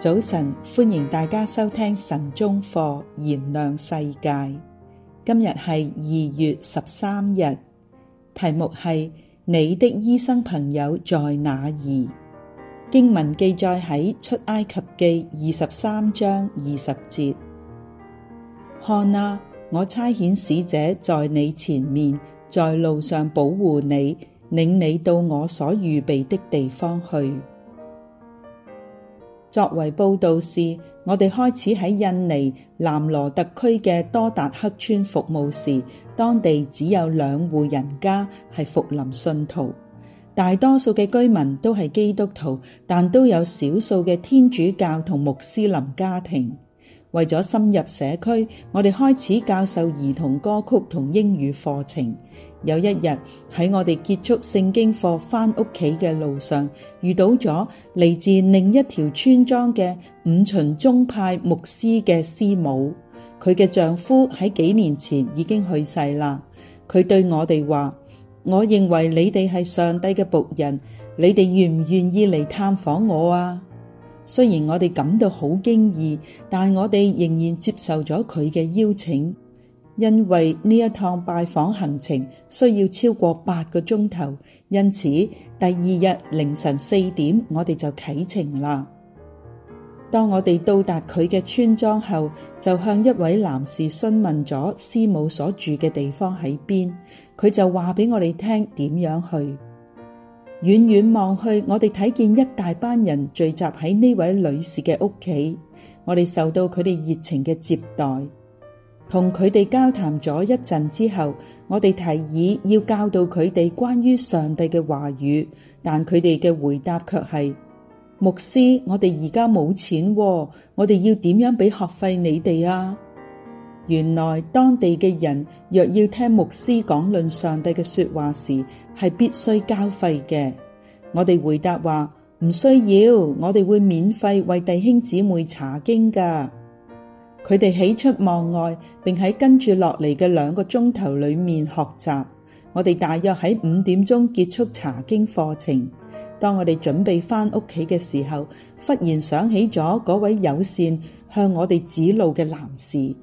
早晨，歡迎大家收聽晨鐘課，燃亮世界。今日係二月十三日，題目係你的醫生朋友在哪兒？經文記載喺出埃及記二十三章二十節，看哪，我差遣使者在你前面，在路上保護你，領你到我所預備的地方去。作為佈道士，我哋開始喺印尼南羅特區嘅多達克村服務時，當地只有兩戶人家係復臨信徒，大多數嘅居民都係基督徒，但都有少數嘅天主教同穆斯林家庭。為咗深入社區，我哋開始教授兒童歌曲同英語課程。有一日喺我哋結束聖經課翻屋企嘅路上，遇到咗嚟自另一條村莊嘅五旬宗派牧師嘅師母。佢嘅丈夫喺幾年前已經去世啦。佢對我哋話：我認為你哋係上帝嘅僕人，你哋願唔願意嚟探訪我啊？雖然我哋感到好驚異，但我哋仍然接受咗佢嘅邀請，因為呢一趟拜訪行程需要超過八個鐘頭，因此第二日凌晨四點我哋就啟程啦。當我哋到達佢嘅村莊後，就向一位男士詢問咗師母所住嘅地方喺邊，佢就話俾我哋聽點樣去。遠遠望去，我哋睇見一大班人聚集喺呢位女士嘅屋企，我哋受到佢哋熱情嘅接待，同佢哋交談咗一陣之後，我哋提議要教導佢哋關於上帝嘅話語，但佢哋嘅回答卻係：「牧師，我哋而家冇錢喎，我哋要點樣俾學費你哋啊？」原來當地嘅人若要聽牧師講論上帝嘅說話時，係必須交費嘅。我哋回答話唔需要，我哋會免費為弟兄姊妹查經噶。佢哋喜出望外，並喺跟住落嚟嘅兩個鐘頭裏面學習。我哋大約喺五點鐘結束查經課程。當我哋準備返屋企嘅時候，忽然想起咗嗰位友善向我哋指路嘅男士。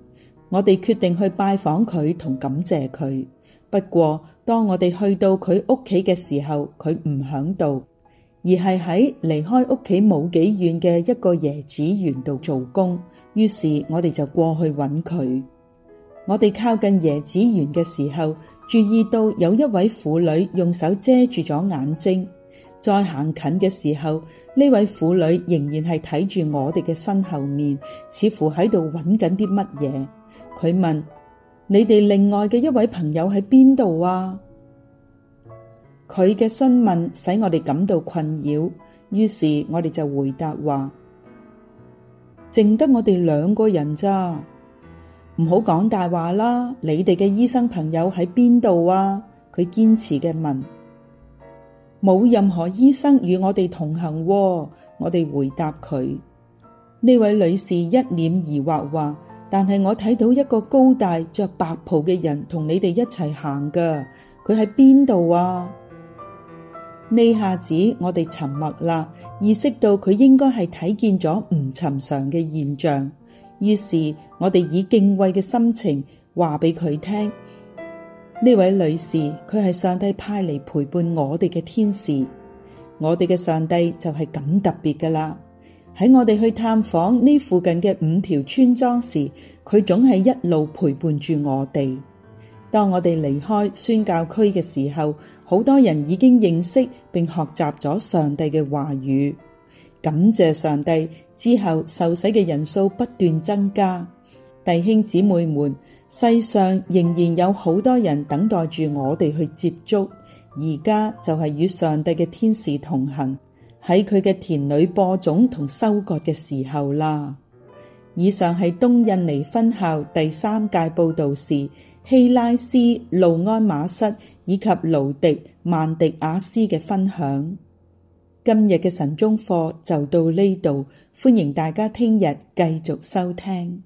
我哋決定去拜訪佢同感謝佢。不過，當我哋去到佢屋企嘅時候，佢唔響度，而係喺離開屋企冇幾遠嘅一個椰子園度做工。於是，我哋就過去揾佢。我哋靠近椰子園嘅時候，注意到有一位婦女用手遮住咗眼睛。再行近嘅時候，呢位婦女仍然係睇住我哋嘅身後面，似乎喺度揾緊啲乜嘢。佢問：你哋另外嘅一位朋友喺邊度啊？佢嘅詢問使我哋感到困擾，於是我哋就回答話：淨得我哋兩個人咋，唔好講大話啦！你哋嘅醫生朋友喺邊度啊？佢堅持嘅問：冇任何醫生與我哋同行，啊，我哋回答佢。呢位女士一臉疑惑話：但係我睇到一個高大着白袍嘅人同你哋一齊行噶，佢喺邊度啊？呢下子我哋沉默啦，意識到佢應該係睇見咗唔尋常嘅現象。於是我哋以敬畏嘅心情話俾佢聽：呢位女士，佢係上帝派嚟陪伴我哋嘅天使，我哋嘅上帝就係咁特別噶啦。喺我哋去探訪呢附近嘅五條村莊時，佢總係一路陪伴住我哋。當我哋離開宣教區嘅時候，好多人已經認識並學習咗上帝嘅話語，感謝上帝。之後受洗嘅人數不斷增加，弟兄姊妹們，世上仍然有好多人等待住我哋去接觸。而家就係與上帝嘅天使同行，喺佢嘅田裏播種同收割嘅時候啦。以上係東印尼分校第三屆佈道士，希拉斯、路安馬塞以及盧迪、曼迪亞斯嘅分享。今日嘅晨鐘課就到呢度，歡迎大家聽日繼續收聽。